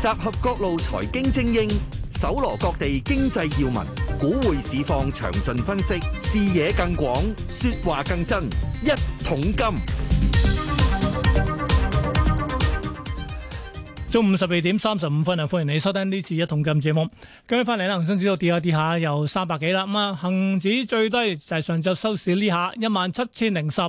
集合各路財經精英，搜羅各地經濟要聞，股匯市況詳盡分析，視野更廣，說話更真。一桶金，中午十二點三十五分啊！歡迎你收聽呢次一桶金節目。今日翻嚟啦，恒生指數跌下跌下，又三百幾啦。咁啊，恒指最低就係上晝收市呢下，一萬七千零十，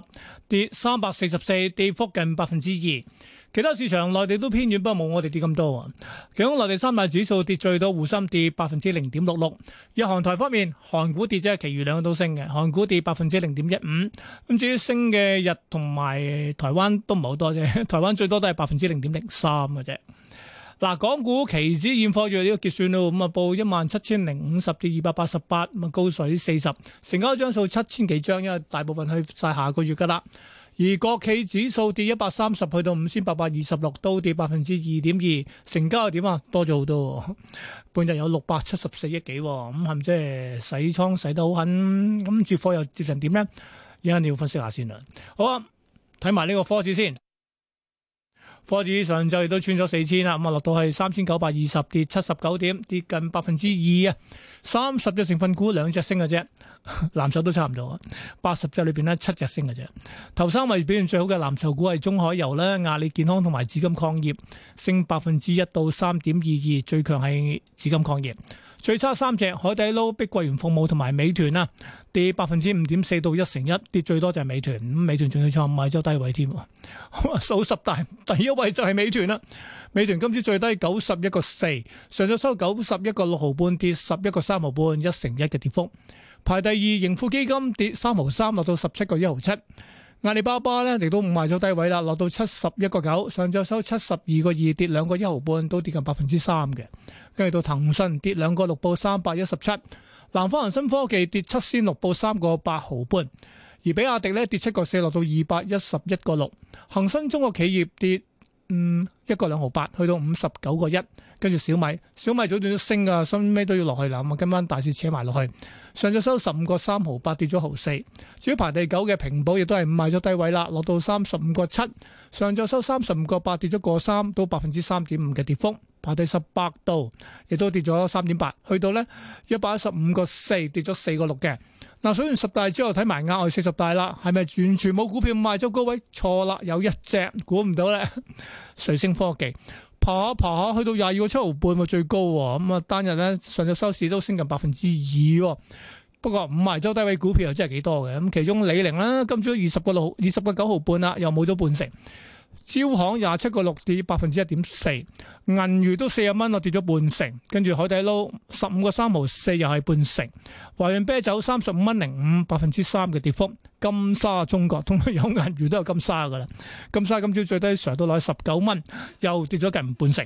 跌三百四十四，跌幅近百分之二。其他市場內地都偏軟，不過冇我哋跌咁多。其中內地三大指數跌最多，滬深跌百分之零點六六。日韓台方面，韓股跌啫，其餘兩個都升嘅。韓股跌百分之零點一五。咁至於升嘅日同埋台灣都唔係好多啫，台灣最多都係百分之零點零三嘅啫。嗱，港股期指現貨月呢個結算咯，咁啊報一萬七千零五十至二百八十八，咁啊高水四十，成交張數七千幾張，因為大部分去晒下個月噶啦。而國企指數跌一百三十，去到五千八百二十六，都跌百分之二點二。成交又點啊？多咗好多，半日有六百七十四億幾。咁係咪即係洗倉洗得好狠？咁接貨又接成點呢？而家你要分析下先啦。好啊，睇埋呢個科指先。科指上晝亦都穿咗四千啦，咁啊落到係三千九百二十，跌七十九點，跌近百分之二啊。三十隻成分股，兩隻升嘅啫。 藍籌都差唔多，八十隻裡邊呢，七隻升嘅啫。頭三位表現最好嘅藍籌股係中海油啦、阿里健康同埋紫金礦業升，升百分之一到三點二二，最強係紫金礦業。最差三隻海底撈、碧桂園服務同埋美團啦，跌百分之五點四到一成一，跌最多就係美團。咁美團仲要創買咗低位添，數十大第一位就係美團啦。美團今次最低九十一個四，上咗收九十一個六毫半，跌十一個三毫半，一成一嘅跌幅。排第二，盈富基金跌三毫三，落到十七個一毫七。阿里巴巴咧嚟到 5, 賣咗低位啦，落到七十一個九，上晝收七十二個二，跌兩個一毫半，都跌近百分之三嘅。跟住到騰訊跌兩個六，報三百一十七。南方恆生科技跌七千六，報三個八毫半。而比亞迪咧跌七個四，落到二百一十一個六。恆生中國企業跌。嗯，一個兩毫八，去到五十九個一，跟住小米，小米早段都升㗎，收尾都要落去啦。咁啊，今晚大市扯埋落去，上晝收十五個三毫八，跌咗毫四。至於排第九嘅平保，亦都係賣咗低位啦，落到三十五個七，上晝收三十五個八，跌咗個三，到百分之三點五嘅跌幅。排低十八度，亦都跌咗三點八，去到咧一百一十五個四，跌咗四個六嘅。嗱，數完十大之後，睇埋額外四十大啦，係咪完全冇股票賣咗高位？錯啦，有一隻估唔到咧，瑞星科技爬下爬下去到廿二個七毫半喎，最高喎、啊。咁、嗯、啊，單日咧上日收市都升近百分之二喎。不過五賣咗低位股票又真係幾多嘅，咁、嗯、其中李寧啦，今朝二十個六，二十個九毫半啦，又冇咗半成。招行廿七個六跌，百分之一點四，銀娛都四十蚊咯，跌咗半成，跟住海底撈十五個三毫四又係半成，華潤啤酒三十五蚊零五百分之三嘅跌幅，金沙中國通通有銀娛都有金沙噶啦，金沙今朝最低上到嚟十九蚊，又跌咗近半成。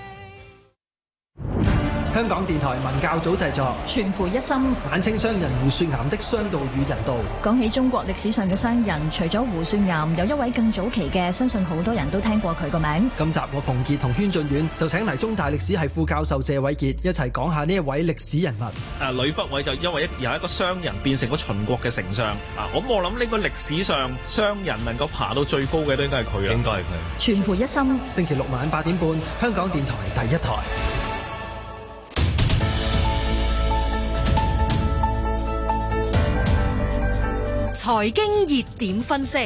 香港電台文教組製作，全乎一心，晚清商人胡雪岩的商道與人道。講起中國歷史上嘅商人，除咗胡雪岩，有一位更早期嘅，相信好多人都聽過佢個名。今集我馮杰同軒俊遠就請嚟中大歷史系副教授謝偉杰一齊講下呢一位歷史人物。啊，呂不韋就因為由一個商人變成咗秦國嘅丞相啊！咁我諗呢個歷史上商人能夠爬到最高嘅，都應該係佢啊，應該係佢。全乎一心，星期六晚八點半，香港電台第一台。財經熱點分析，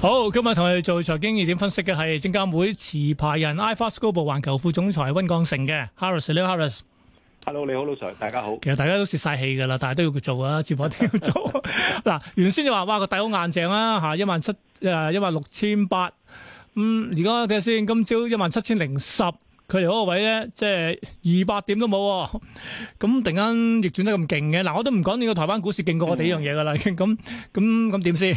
好，今日同你做財經熱點分析嘅係證監會持牌人 iFAST Global 環球副總裁溫鋼城嘅 Harris Hello Harris。Hello，你好老 Sir，大家好。其實大家都泄晒氣噶啦，但係都要做啊，直播都要做。嗱， 原先就話，哇個底好硬淨啦，吓一萬七誒一萬六千八，咁而家睇下先，今朝一萬七千零十。佢哋嗰個位咧，即係二百點都冇，咁突然間逆轉得咁勁嘅，嗱，我都唔講你個台灣股市勁過我哋一樣嘢噶啦，咁咁咁點先？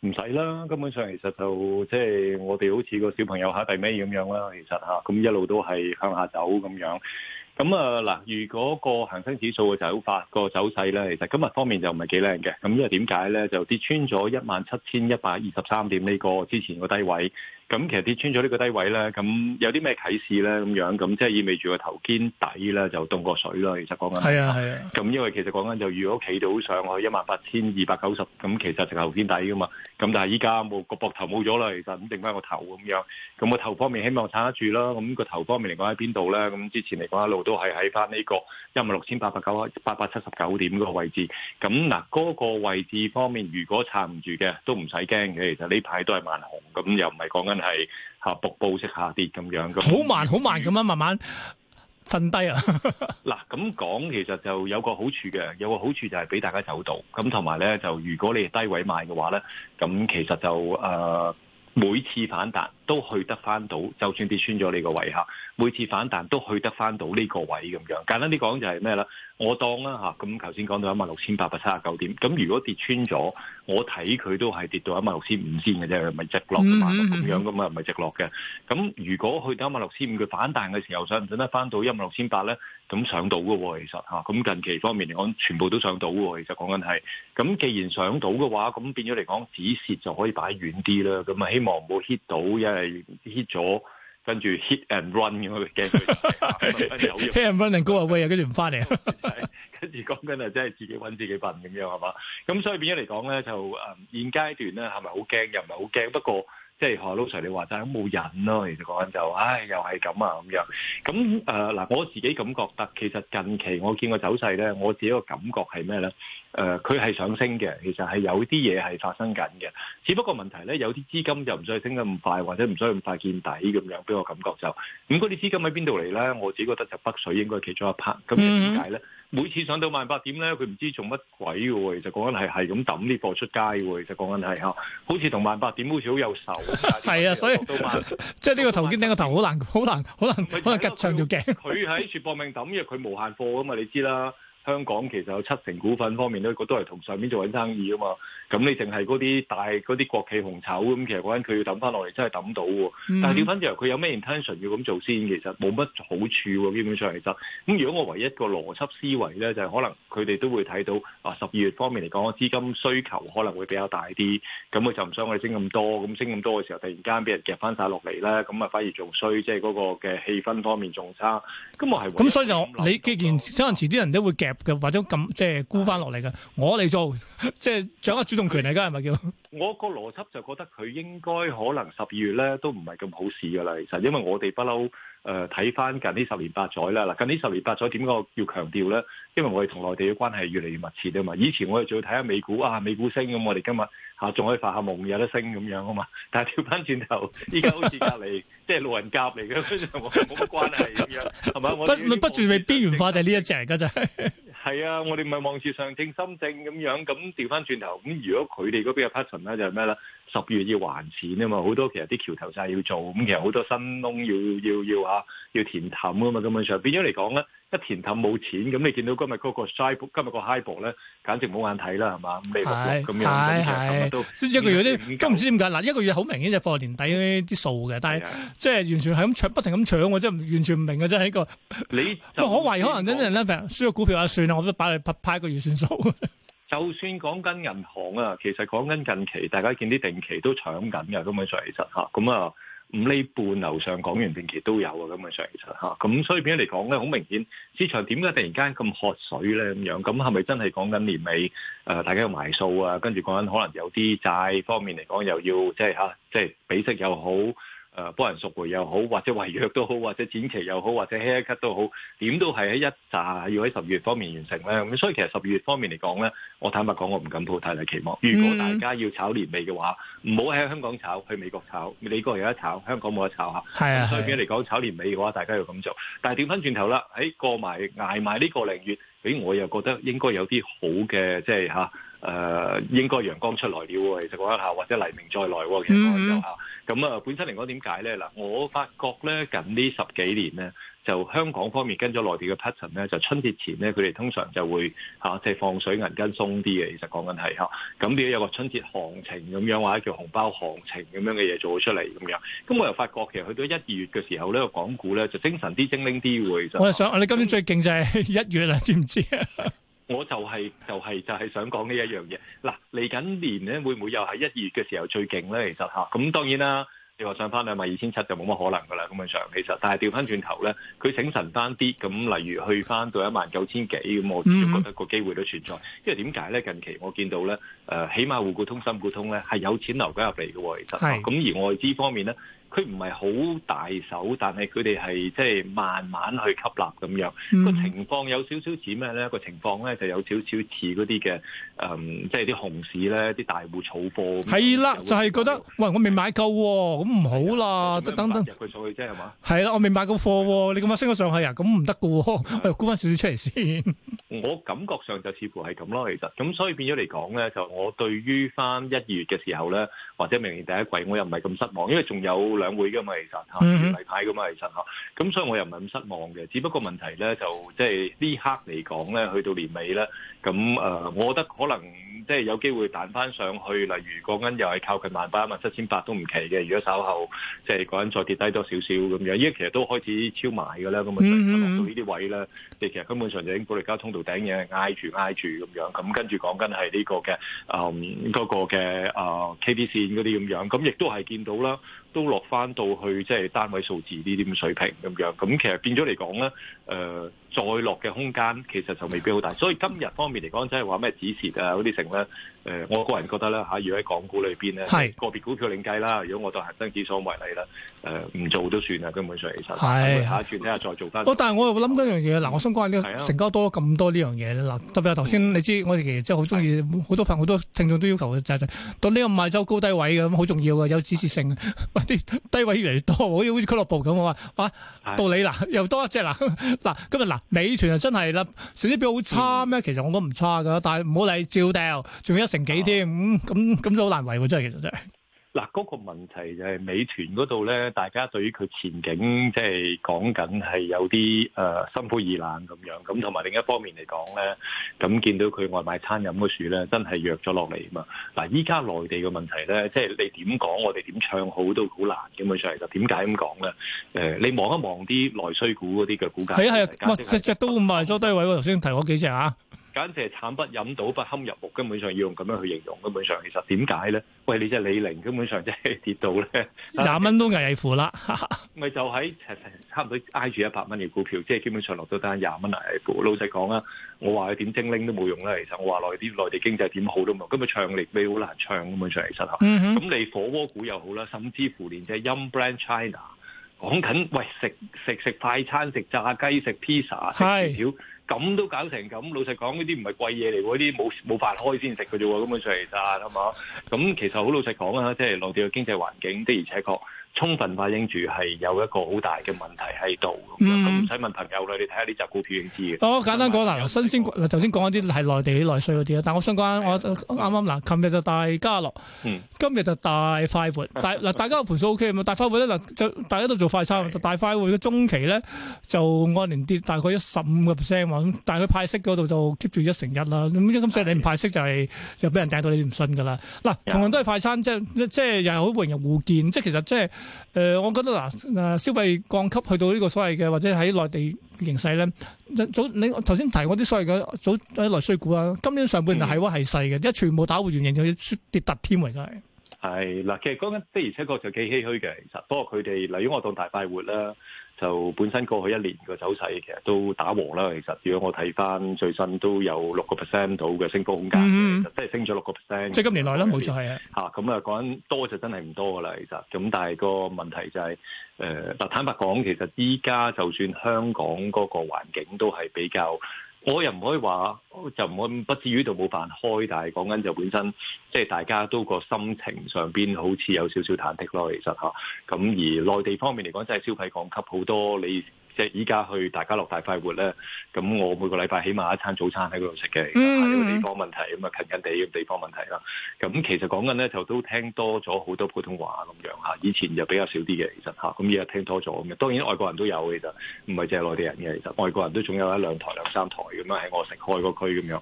唔使啦，根本上其實就即係、就是、我哋好似個小朋友下低尾咁樣啦，其實吓咁一路都係向下走咁樣。咁啊嗱，如果個恒生指數嘅走法、個走勢咧，其實今日方面就唔係幾靚嘅，咁因為點解咧？就跌穿咗一萬七千一百二十三點呢個之前個低位。咁其實跌穿咗呢個低位咧，咁有啲咩啟示咧？咁樣咁即係意味住個頭肩底咧就凍過水咯。其實講緊係啊係啊。咁因為其實講緊就如果企到上去一萬八千二百九十，咁其實仲係頭肩底噶嘛。咁但係依家冇個膊頭冇咗啦。其實咁剩翻個頭咁樣。咁個頭方面希望撐得住啦。咁個頭方面嚟講喺邊度咧？咁之前嚟講一路都係喺翻呢個一萬六千八百九啊八百七十九點嗰個位置。咁嗱嗰個位置方面，如果撐唔住嘅都唔使驚嘅。其實呢排都係萬紅，咁又唔係講緊。係吓瀑布式下跌咁樣，咁好慢好慢咁樣慢慢震低啊！嗱， 咁講其實就有個好處嘅，有個好處就係俾大家走到，咁同埋咧，就如果你係低位賣嘅話咧，咁其實就誒、呃、每次反彈。都去得翻到，就算跌穿咗呢個位嚇，每次反彈都去得翻到呢個位咁樣。簡單啲講就係咩啦？我當啊嚇，咁頭先講到一萬六千八百七十九點，咁如果跌穿咗，我睇佢都係跌到一萬六千五先嘅啫，唔係直落㗎嘛，咁、嗯嗯嗯、樣㗎嘛，唔係直落嘅。咁如果去到一萬六千五，佢反彈嘅時候，想唔想得翻到一萬六千八咧？咁上到嘅喎、啊，其實嚇，咁、啊、近期方面嚟講，全部都上到嘅喎、啊，其實講緊係。咁既然上到嘅話，咁變咗嚟講，止蝕就可以擺遠啲啦。咁啊，希望唔好 hit 到嘅。係 hit 咗，跟住 hit and run 咁樣嘅驚 a 跟住 h i t and run and go away 啊， 跟住唔翻嚟，跟住講緊係真係自己搵自己笨咁樣係嘛，咁所以變咗嚟講咧，就誒現階段咧係咪好驚又唔係好驚，不過。即係何老 Sir 你話齋都冇癮咯，其實講緊就，唉、哎，又係咁啊咁樣。咁誒嗱，我自己感覺得其實近期我見個走勢咧，我自己個感覺係咩咧？誒、呃，佢係上升嘅，其實係有啲嘢係發生緊嘅。只不過問題咧，有啲資金就唔需要升得咁快，或者唔需要咁快見底咁樣。俾我感覺就，咁嗰啲資金喺邊度嚟咧？我自己覺得就北水應該其中一 part。咁點解咧？嗯每次上到萬八點咧，佢唔知做乜鬼嘅喎，就講緊係係咁抌啲貨出街嘅喎，就講緊係好似同萬八點好似好有仇。係 啊，所以即係呢個頭肩頂個頭好難，好 難，可能可能吉長條頸。佢喺度搏命抌，因為佢無限貨噶嘛，你知啦。 香港其實有七成股份方面咧，個都係同上面做緊生意啊嘛。咁你淨係嗰啲大嗰啲國企紅籌咁，其實講緊佢要抌翻落嚟，真係抌到喎。但係調翻轉頭，佢有咩 intention 要咁做先？其實冇乜好處喎。基本上其實，咁如果我唯一,一個邏輯思維咧，就係、係、可能佢哋都會睇到啊十二月方面嚟講，資金需求可能會比較大啲。咁佢就唔想我哋升咁多，咁升咁多嘅時候突然間俾人夾翻晒落嚟咧，咁啊反而仲衰，即係嗰個嘅氣氛方面仲差。咁我係咁、嗯、所以就你既然可能遲啲人都會夾。或者咁即係沽翻落嚟嘅，我嚟做即係、就是、掌握主動權嚟噶，係咪叫？我個邏輯就覺得佢應該可能十二月咧都唔係咁好市㗎啦。其實因為我哋不嬲誒睇翻近呢十年八載啦，嗱近呢十年八載點解？要強調咧，因為我哋同內地嘅關係越嚟越密切啊嘛。以前我哋仲要睇下美股啊，美股升咁，我哋今日。.吓，仲可以發下夢有得升咁樣啊嘛，但係調翻轉頭，依家好似隔籬即係路人甲嚟嘅，冇乜關係咁樣，係嘛？我不不，注咪邊緣化就係呢一隻噶咋？係 啊，我哋咪望住上證深證咁樣，咁調翻轉頭，咁如果佢哋嗰邊嘅 passion 咧，就係咩啦？十月要還錢啊嘛，好多其實啲橋頭債要做，咁其實好多新窿要要要啊，要填氹啊嘛咁樣上，變咗嚟講咧，一填氹冇錢，咁你見到今日嗰個 sharp 今日個 high 博咧，簡直冇眼睇啦，係嘛？未落咗咁樣，咁啊些都，先唔、嗯、知佢嗰啲都唔知點解。嗱，一個月好明顯就放年底啲數嘅，但係的即係完全係咁搶，不停咁搶嘅，即係完全唔明嘅，即係呢個你就，我懷疑可能真啲人咧，譬如輸咗股票啊，我算啦，我都擺佢拍派一個月算數。 就算講緊銀行啊，其實講緊近期，大家見啲定期都搶緊嘅，根本上其實吓，咁啊五厘半樓上講完定期都有啊，根本上其實吓，咁所以變咗嚟講咧，好明顯市場點解突然間咁渴水咧咁樣？咁係咪真係講緊年尾誒大家要埋數啊？跟住講緊可能有啲債方面嚟講又要即係吓，即係比息又好。誒、呃、幫人贖回又好，或者違約都好，或者展期又好，或者 haircut 都好，點都係喺一紮要喺十二月方面完成咧。咁所以其實十二月方面嚟講咧，我坦白講我唔敢抱太大，大期望。如果大家要炒年尾嘅話，唔好喺香港炒，去美國炒，美國有得炒，香港冇得炒嚇。係啊是，所以嚟講炒年尾嘅話，大家要咁做。但係調翻轉頭啦，喺過埋捱埋呢個零月，俾、欸、我又覺得應該有啲好嘅，即、就、係、是誒、呃，應該陽光出來了喎，其實講一下，或者黎明再來喎，其實講一下。咁啊、嗯，本身嚟講點解咧？嗱，我發覺咧，近呢十幾年咧，就香港方面跟咗內地嘅 pattern 咧，就春節前咧，佢哋通常就會嚇即係放水銀根鬆啲嘅。其實講緊係嚇，咁都要有個春節行情咁樣或者叫紅包行情咁樣嘅嘢做出嚟咁樣。咁我又發覺其實去到一二月嘅時候咧，這個、港股咧就精神啲、精靈啲喎。其實我係想，我哋今年最勁就係一月啦，知唔知啊？我就係、是、就係、是、就係、是、想講呢一樣嘢。嗱、啊，嚟緊年咧，會唔會又係一、二月嘅時候最勁咧？其實嚇，咁、啊、當然啦。你話上翻兩萬二千七就冇乜可能噶啦，咁樣上其實。但係調翻轉頭咧，佢醒神翻啲，咁、嗯、例如去翻到一萬九千幾，咁、嗯、我就覺得個機會都存在。Mm hmm. 因為點解咧？近期我見到咧，誒、呃，起碼滬股通、深股通咧係有錢流緊入嚟嘅喎，其實。咁是、啊、而外資方面咧。佢唔係好大手，但係佢哋係即係慢慢去吸納咁樣個、嗯、情況，有少少似咩咧？個情況咧就有少少似嗰啲嘅誒，即係啲熊市咧，啲大戶儲貨。係啦的，就係覺得，覺得喂，我未買夠、啊，咁唔好啦，等等等。佢上去啫係嘛？係啦，我未買夠貨、啊，的你咁樣升咗上去啊？咁唔得嘅喎，的我沽翻少少出嚟先。我感覺上就似乎係咁咯，其實咁所以變咗嚟講咧，就我對於翻一月嘅時候咧，或者明年第一季，我又唔係咁失望，因為仲有。嗯、兩會嘅嘛，其實吓，例牌嘅嘛，其實吓，咁所以我又唔係咁失望嘅，只不過問題咧就即係呢刻嚟講咧，去到年尾咧。咁誒、呃，我覺得可能即係有機會彈翻上去，例如講緊又係靠近萬八萬七千八都唔奇嘅。如果稍後即係講緊再跌低多少少咁樣，因為其實都開始超賣㗎啦，咁啊落到呢啲位啦，即其實根本上就已經保歷加通道頂嘢挨住挨住咁樣，咁跟住講緊係呢個嘅誒嗰個嘅誒 K D 線嗰啲咁樣，咁亦都係見到啦，都落翻到去即係單位數字呢啲水平咁樣，咁其實變咗嚟講咧誒，再落嘅空間其實就未必好大，所以今日方面。嚟講真係話咩止蝕啊，嗰啲剩啦。那些誒，我個人覺得咧嚇，如果喺港股裏邊咧，個別股票另計啦。如果我當恒生指數為例啦，誒唔做都算啦，根本上其實係下一次睇下再做翻。但係我又諗一樣嘢，嗱，我想講下呢個成交多咁多呢樣嘢咧，嗱，特別係頭先你知，我哋其實真係好中意好多朋友好多聽眾都要求嘅，就係到呢個買週高低位咁，好重要嘅，有指示性低位越嚟越多，好似好似俱樂部咁我嘛，啊道理，嗱，又多一隻嗱，嗱，今日嗱，美團啊真係啦，成績表好差咩？其實我都唔差嘅，但係唔好理，照掉，仲有零幾添，咁咁都好難為喎，真係其實真係。嗱，嗰個問題就係美團嗰度咧，大家對於佢前景即係講緊係有啲誒心灰意冷咁樣，咁同埋另一方面嚟講咧，咁見到佢外賣餐飲嗰樹咧，真係弱咗落嚟嘛。嗱，依家內地嘅問題咧，即係你點講，我哋點唱好都好難基本上嚟。就點解咁講咧？誒，你望一望啲內需股嗰啲嘅股價，係啊係啊，哇，隻隻都賣咗低位喎。頭先提嗰幾隻啊！簡直係慘不忍睹，不堪入目，根本上要用咁樣去形容。根本上其實點解咧？喂，你真係李寧根本上即係跌到咧，廿蚊都危乎啦。咪 就喺差唔多挨住一百蚊嘅股票，即係基本上落咗單廿蚊危乎。老實講啊，我話佢點精靈都冇用啦。其實我話內啲內地經濟點好都冇，今日唱力咩好難唱咁本上其實嚇。咁、mm hmm. 你火鍋股又好啦，甚至乎連即係、Yum、Brand China 講緊喂食食食快餐、食炸雞、食披薩、食薯條。咁都搞成咁，老實講呢啲唔係貴嘢嚟喎，啲冇冇飯開先食佢啫喎，咁樣出嚟曬，係嘛？咁其實好老實講啊，即係內地嘅經濟環境的而且確。充分反映住係有一個好大嘅問題喺度，咁唔使問朋友啦，你睇下呢隻股票已經知嘅。我簡單講啦，新鮮嗱，頭先講一啲係內地內需嗰啲。但我想講，我啱啱嗱，琴日就大家樂，今日就大快活，大嗱，大家嘅盤數 O K，大快活咧嗱，就大家都做快餐，大快活嘅中期咧就按年跌大概一十五個 percent，但佢派息嗰度就 keep 住一成一啦，咁今次你唔派息就係又俾人掟到你唔信㗎啦。嗱，同樣都係快餐，即係即係又係好榮辱互見，即係其實即係誒、呃，我覺得嗱，誒、啊啊、消費降級去到呢個所謂嘅，或者喺內地形勢咧，早你頭先提嗰啲所謂嘅早喺內需股啊，今年上半年係喎係細嘅，一、嗯、全部打回原形，要跌突添嚟，真係。係啦，其實講緊的而且確就幾唏噓嘅，其實，不過佢哋，例如我當大快活啦，就本身過去一年個走勢，其實都打和啦，其實，如果我睇翻最新都有六個 percent 到嘅升幅空間，即係升咗六個 percent。即係今年內啦，冇錯係啊。吓咁啊，講多就真係唔多噶啦，其實，咁但係個問題就係，誒，嗱，坦白講，其實依家就算香港嗰個環境都係比較。我又唔可以話，就唔可以不至於度冇辦開，但係講緊就本身，即係大家都個心情上邊好似有少少忐忑咯。其實咁、吓、而內地方面嚟講，真係消費降級好多你。即係依家去大家樂大快活咧，咁我每個禮拜起碼一餐早餐喺嗰度食嘅，mm hmm. 這個地方問題咁啊，近近地嘅地方問題啦。咁其實講緊咧就都聽多咗好多普通話咁樣嚇，以前就比較少啲嘅其實嚇，咁而家聽多咗咁嘅。當然外國人都有嘅，其實唔係淨係內地人嘅，其實外國人都總有一兩台兩三台咁樣喺我城開個區咁樣。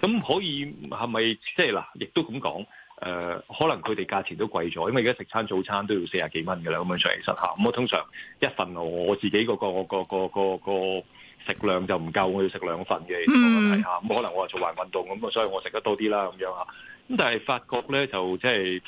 咁可以係咪即係嗱？亦都咁講。誒、呃，可能佢哋價錢都貴咗，因為而家食餐早餐都要四十幾蚊嘅啦，咁樣上其實嚇。咁、嗯、我、嗯、通常一份我自己個個個個個食量就唔夠，我要食兩份嘅咁樣嚇。咁、嗯嗯、可能我係做環運動咁啊，所以我食得多啲啦咁樣嚇。咁但係發覺咧就即係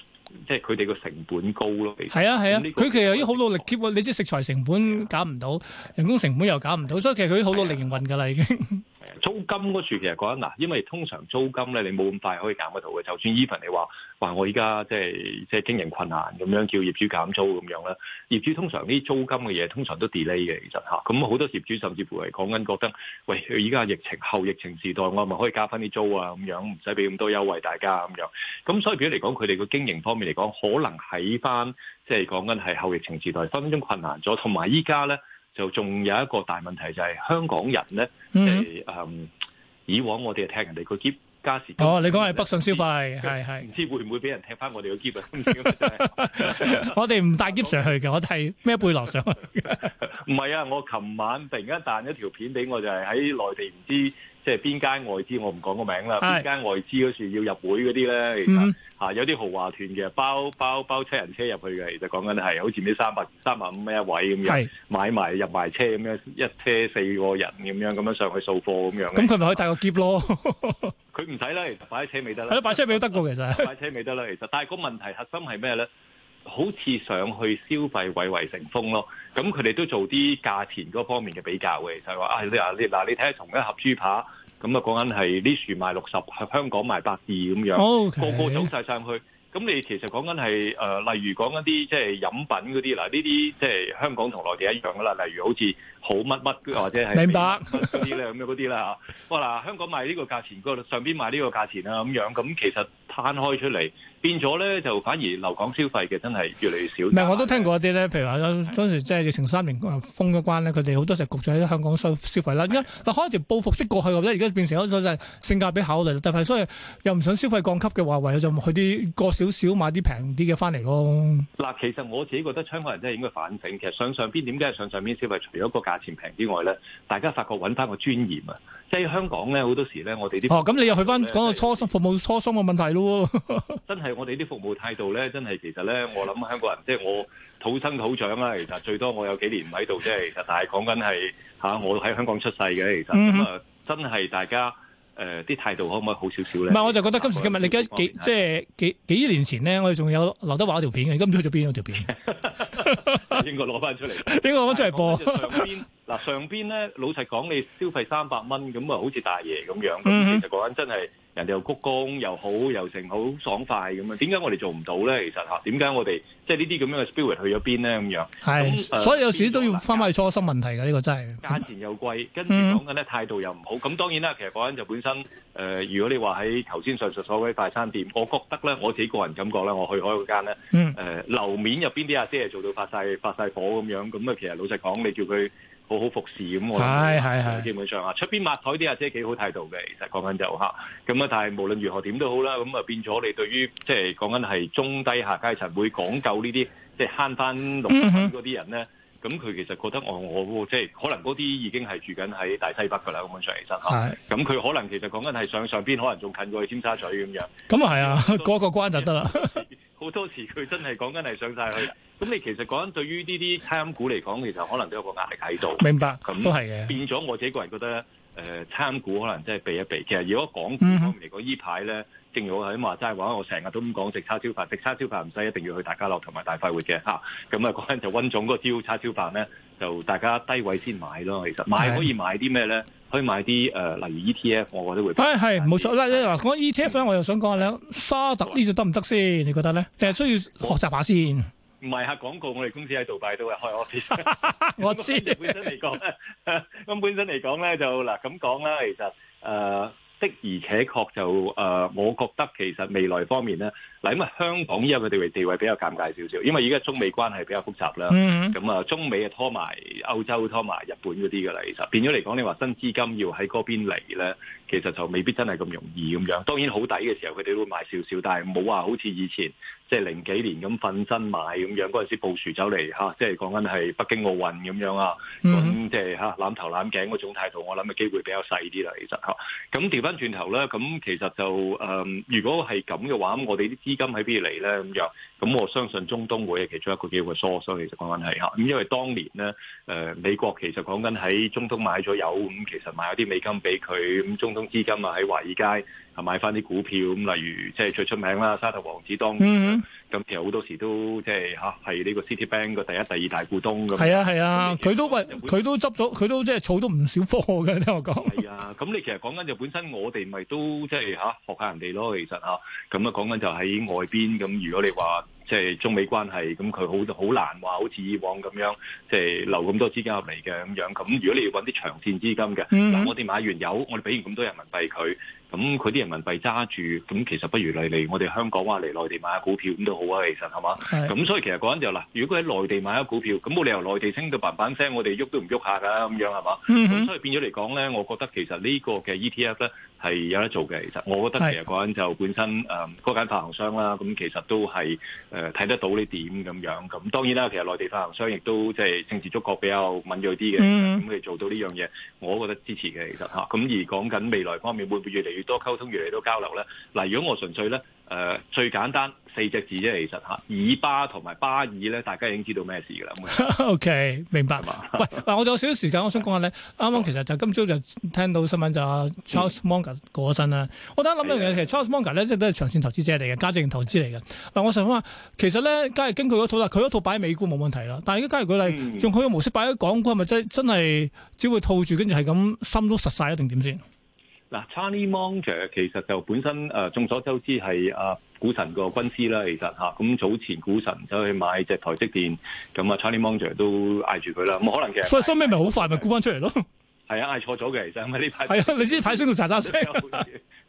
即係佢哋個成本高咯，係啊係啊，佢、啊嗯這個、其實已經好努力 keep。高你知食材成本搞唔到，啊、人工成本又搞唔到，所以其實佢好努力營運噶啦已經。 租金嗰處其實講緊嗱，因為通常租金咧，你冇咁快可以減得到嘅。就算 even 你話話我依家即係即係經營困難咁樣叫業主減租咁樣啦。業主通常啲租金嘅嘢通常都 delay 嘅，其實吓，咁好多業主甚至乎係講緊覺得，喂，依家疫情後疫情時代，我咪可以加翻啲租啊咁樣，唔使俾咁多優惠大家咁樣。咁所以譬如嚟講，佢哋個經營方面嚟講，可能喺翻即係講緊係後疫情時代分分鐘困難咗，同埋依家咧。就仲有一個大問題就係、是、香港人咧，誒、嗯就是、以往我哋踢人哋個喼加時。哦，你講係北上消費，係係，唔知會唔會俾人踢翻我哋個喼？我哋唔帶喼上去嘅，我係咩背囊上去？唔係 啊，我琴晚突然間彈咗條片俾我，就係、是、喺內地唔知。即係邊間外資我唔講個名啦，邊間是外資好似要入會嗰啲咧，其實吓有啲豪華團嘅，包包包七人車入去嘅，其實講緊係好似呢三百三百五蚊一位咁樣，是買埋入埋車咁樣，一車四個人咁樣咁樣上去掃貨咁樣。咁佢咪可以帶個喼咯？佢唔使啦，其實擺車未得啦。係咯， 擺車咪得過其實，擺 車未得啦其實。但係個問題核心係咩咧？好似上去消費蔚為成風咯，咁佢哋都做啲價錢嗰方面嘅比較嘅，就係話啊，你嗱，你嗱，你睇下同一盒豬扒，咁啊講緊係啲樹賣六十，香港賣百二咁樣，oh, okay. 個個走晒上去，咁你其實講緊係誒，例如講一啲即係飲品嗰啲嗱，呢啲即係香港同內地一樣噶啦，例如好似。好乜乜或者係明白嗰啲咧，咁樣嗰啲啦嚇，哇 嗱香港賣呢個價錢，上邊賣呢個價錢啊，咁樣，咁其實攤開出嚟變咗咧，就反而留港消費嘅真係越嚟越少。咪我都聽過一啲咧，譬如話嗰陣時即係疫情三年封咗關咧，佢哋好多時就焗住喺香港消消費啦。依嗱開一條報復式過去或者而家變成咗就係性價比考慮，但係所以又唔想消費降級嘅話唯有就去啲過少少買啲平啲嘅翻嚟咯。嗱，其實我自己覺得香港人真係應該反省，其實上上邊點解係上上邊消費除了一個，除咗個價錢平之外咧，大家發覺揾翻個尊嚴啊！即係香港咧，好多時咧，我哋啲哦，咁你又去翻講到初心是服務初心嘅問題咯？ 真係我哋啲服務態度咧，真係其實咧，我諗香港人即係我土生土長啊，其實最多我有幾年唔喺度，即係，但係講緊係吓我喺香港出世嘅，其實咁啊，嗯、哼真係大家。誒啲、呃、態度可唔可以好少少咧？唔係，我就覺得今時今日你而家幾即係的幾幾，幾年前咧，我哋仲有劉德華條片嘅，而家去咗邊條片？應該攞翻出嚟，應該攞翻出嚟播。嗱上邊咧， 老實講，你消費三百蚊，咁啊，好似大爺咁樣。咁、mm hmm. 其實講緊真係。人哋又鞠躬又好，又成好爽快咁樣，點解我哋做唔到咧？其實嚇，點解我哋即係呢啲咁樣嘅 spirit 去咗邊咧？咁是樣係，呃、所以有時都要翻返去初心問題㗎。呢、呢個真係價錢又貴，跟住講緊咧態度又唔好。咁、嗯、當然啦，其實講緊就本身誒、呃，如果你話喺頭先上述所謂快餐店，我覺得咧我自己個人感覺咧，我去開嗰間呢誒、呃、樓面入邊啲阿姐係做到發晒發晒火咁樣，咁啊其實老實講，你叫佢。好 好服侍咁，我係係係基本上啊，出邊抹台啲阿姐幾好態度嘅。其實講緊就吓，咁啊。但係無論如何點都好啦，咁啊變咗你對於即係講緊係中低下階層會講究呢啲，即係慳翻六村嗰啲人咧，咁佢其實覺得我我即係可能嗰啲已經係住緊喺大西北噶啦，咁上嚟真咁佢可能其實講緊係上上邊，可能仲近過去尖沙咀咁樣。咁啊係啊，過個關就得啦。 好多時佢真係講緊係上晒去，咁你其實講緊對於呢啲餐飲股嚟講，其實可能都有個壓力喺度。明白，咁都係嘅。變咗我自己個人覺得，誒、呃、餐股可能真係避一避。其實如果港股方面嚟講，依排咧，正如我喺話齋話，我成日都咁講，食叉燒飯，食叉燒飯唔使一定要去大家樂同埋大快活嘅。咁啊，講緊就溫總嗰招叉燒飯咧，就大家低位先買咯。其實買可以買啲咩咧？可以買啲誒，例如 ETF，我覺得會。誒係冇錯啦！嗱，講 ETF 咧我又想講下咧，沙特呢隻得唔得先？你覺得咧？定係需要學習下先。賣下廣告，我哋公司喺杜拜都會開 office。我知。咁本身嚟講咧，咁本身嚟講咧，就嗱咁講啦。其實誒。的而且確就誒，我覺得其實未來方面咧，嗱，因為香港依個地位地位比較尷尬少少，因為而家中美關係比較複雜啦，咁啊、mm，hmm. 中美啊拖埋歐洲拖埋日本嗰啲嘅啦，其實變咗嚟講，你話新資金要喺嗰邊嚟咧。其實就未必真係咁容易咁樣，當然好抵嘅時候佢哋都會買少少，但係冇話好似以前即係、就是、零幾年咁瞓身買咁樣，嗰陣時布殊走嚟即係講緊係北京奧運咁樣啊，咁即係嚇攬頭攬頸嗰種態度，我諗嘅機會比較細啲啦，其實咁調翻轉頭咧，咁、啊、其實就、呃、如果係咁嘅話，我哋啲資金喺邊嚟咧咁樣？咁、嗯、我相信中東會係其中一個機會，source，其實講緊係咁因為當年呢，呃、美國其實講緊喺中東買咗油，咁、嗯、其實買咗啲美金俾佢，咁、嗯、中東資金啊喺華爾街。買翻啲股票咁，例如即係最出名啦，沙特王子當年咁，嗯、其實好多時都即係吓係呢個 City Bank 個第一、第二大股東咁。係啊，係啊，佢都佢喂來都執咗，佢都即係儲到唔少貨嘅。聽我講係啊，咁 你其實講緊就本身我哋咪都即係吓學下人哋咯，其實吓咁啊，講緊就喺外邊咁，如果你話。即係中美關係咁，佢好好難話，好似以往咁樣，即、就、係、是、留咁多資金入嚟嘅咁樣。咁如果你要揾啲長線資金嘅，嗱、mm hmm. 我哋買完油，我哋俾完咁多人民幣佢，咁佢啲人民幣揸住，咁其實不如嚟嚟我哋香港或、啊、嚟內地買下股票咁都好啊。其實係嘛？咁是所以其實講緊就嗱，如果喺內地買下股票，咁冇理由內地升到板板聲，我哋喐都唔喐下噶咁樣係嘛？咁、mm hmm. 所以變咗嚟講咧，我覺得其實個呢個嘅 ETF 咧係有得做嘅。其實我覺得其實講緊就本身誒嗰間發行商啦，咁其實都係。誒，睇得到呢點咁樣，咁當然啦，其實內地發行商亦都即係政治觸角比較敏銳啲嘅，咁佢、mm hmm. 做到呢樣嘢，我覺得支持嘅，其實吓，咁、啊、而講緊未來方面，會唔會越嚟越多溝通，越嚟越多交流咧？嗱、啊，如果我純粹咧。誒、呃、最簡單四隻字啫，就是，其實嚇，以巴同埋巴爾咧，大家已經知道咩事㗎啦。 OK，明白嘛？是吧 喂，嗱，我仲有少少時間，我想講下咧。啱啱其實就今朝就聽到新聞就 Charles Munger 過咗、嗯、身啦。我得諗一樣嘢，其實 Charles Munger 呢，即都係長線投資者嚟嘅，價值型投資嚟嘅。嗱，我成日講話，其實咧，梗係根據嗰套啦，佢嗰套擺喺美股冇問題啦。但係如果假如佢例，嗯、用佢嘅模式擺喺港股，係咪真真係只會套住，跟住係咁心都實晒一定點先？嗱，Charlie Munger 其實就本身誒、呃，眾所周知係啊股神個軍師啦，其實咁、啊、早前股神走去買隻台積電，咁啊 Charlie Munger 都嗌住佢啦，咁可能其實，所以收尾咪好快咪沽翻出嚟咯。係啊，嗌、哎、錯咗嘅，其實咁啊呢排。係啊，你知泰昇同查生升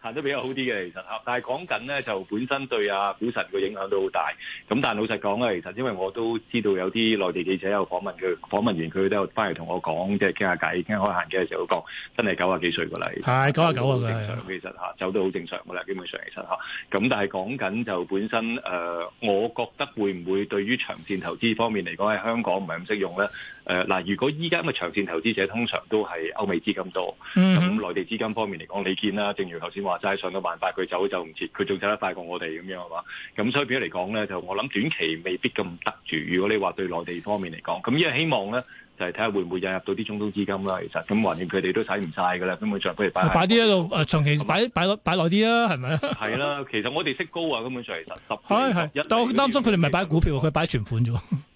行得比較好啲嘅，其實嚇。但係講緊咧，就本身對啊股神個影響都好大。咁但係老實講啊，其實因為我都知道有啲內地記者有訪問佢，訪問完佢都有翻嚟同我講，即係傾下偈，傾開閒嘅時候講，真係九啊幾歲噶啦。係九啊九啊，佢其實嚇走都好正常噶啦，基本上其實嚇。咁但係講緊就本身誒、呃，我覺得會唔會對於長線投資方面嚟講，喺香港唔係咁適用咧？誒，嗱、呃，如果依家咁嘅長線投資者通常都係歐美資金多，咁內、嗯、哼地資金方面嚟講，你見啦，正如頭先話齋，上到萬八，佢走就唔切，佢仲走得快過我哋咁樣啊嘛。咁所以咗嚟講咧，就我諗短期未必咁得住。如果你話對內地方面嚟講，咁依家希望咧就係睇下會唔會引入到啲中東資金啦。其實咁，橫掂佢哋都使唔晒噶啦，咁佢再俾嚟擺。擺啲喺度，長期擺擺擺耐啲啦，係咪啊？係 啦，其實我哋息高啊，根本上其實十，但我擔心佢哋唔係擺股票，佢擺存款啫。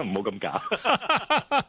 唔好咁假，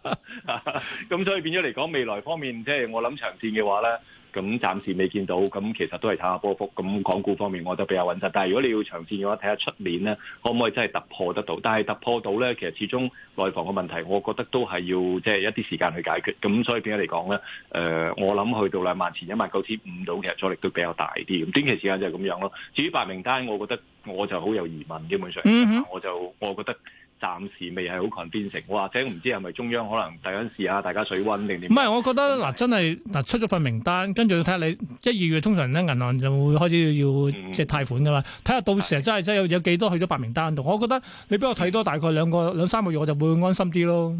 咁 樣 所以變咗嚟講，未來方面，即係我諗長線嘅話咧，咁暫時未見到，咁其實都係睇下波幅。咁港股方面，我覺得比較穩陣。但係如果你要長線嘅話，睇下出年咧，可唔可以真係突破得到？但係突破到咧，其實始終內房嘅問題，我覺得都係要即係一啲時間去解決。咁所以變咗嚟講咧？誒、呃，我諗去到兩萬前一萬九千五度其實阻力都比較大啲。咁短期時間就係咁樣咯。至於白名單，我覺得我就好有疑問。基本上，mm hmm. 我就我覺得。暫時未係好確變成，或者唔知係咪中央可能第陣時啊，大家水溫定點？唔係，我覺得嗱是、啊，真係嗱、啊，出咗份名單，跟住要睇下你一、二月通常咧銀行就會開始要即係貸款噶啦，睇下、嗯、到時候真係真係有有幾是多去咗白名單度。我覺得你俾我睇多大概兩個兩三個月，我就會安心啲咯。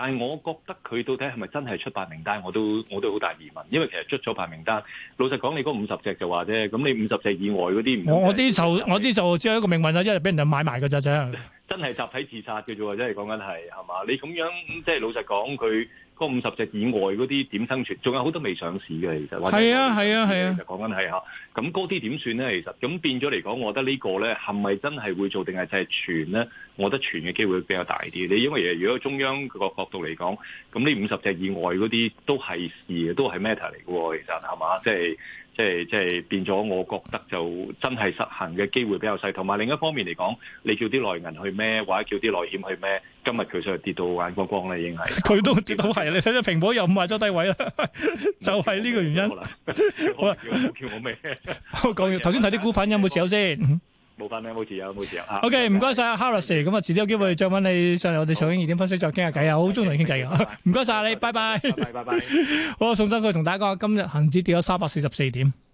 但係，我覺得佢到底係咪真係出白名單，我都我都好大疑問。因為其實出咗白名單，老實講，你嗰五十隻就話啫，咁你五十隻以外嗰啲，唔我啲就我啲就只有一個命運啦，一係俾人就買埋㗎啫，真係集體自殺嘅啫，真係講緊係係嘛？你咁樣即係老實講佢。嗰五十隻以外嗰啲點生存？仲有好多未上市嘅、啊啊啊、其實，係啊係啊係啊，講緊係嚇。咁嗰啲點算咧？其實咁變咗嚟講，我覺得呢個咧係咪真係會做定係就係存咧？我覺得存嘅機會比較大啲。你因為如果中央個角度嚟講，咁呢五十隻以外嗰啲都係事，都係 matter 嚟嘅喎。其實係嘛，即係。即係即係變咗，我覺得就真係實行嘅機會比較細。同埋另一方面嚟講，你叫啲內銀去咩，或者叫啲內險去咩，今日佢就跌到眼光光啦，已經係。佢 都跌到係，你睇睇蘋果又唔賣咗低位啦， 就係呢個原因。好啦， 叫我咩？好講完，頭先睇啲股份有冇持有先。 冇返啦，冇事啊，冇事啊。OK，唔該晒 Harris 咁啊，拜遲啲謝有機會再揾你上嚟，我哋上影二點分析再傾下偈，我好中意同你傾偈㗎，唔該晒你，拜拜。拜拜拜拜。 好，重新再同大家講，今日恒指跌咗三百四十四點。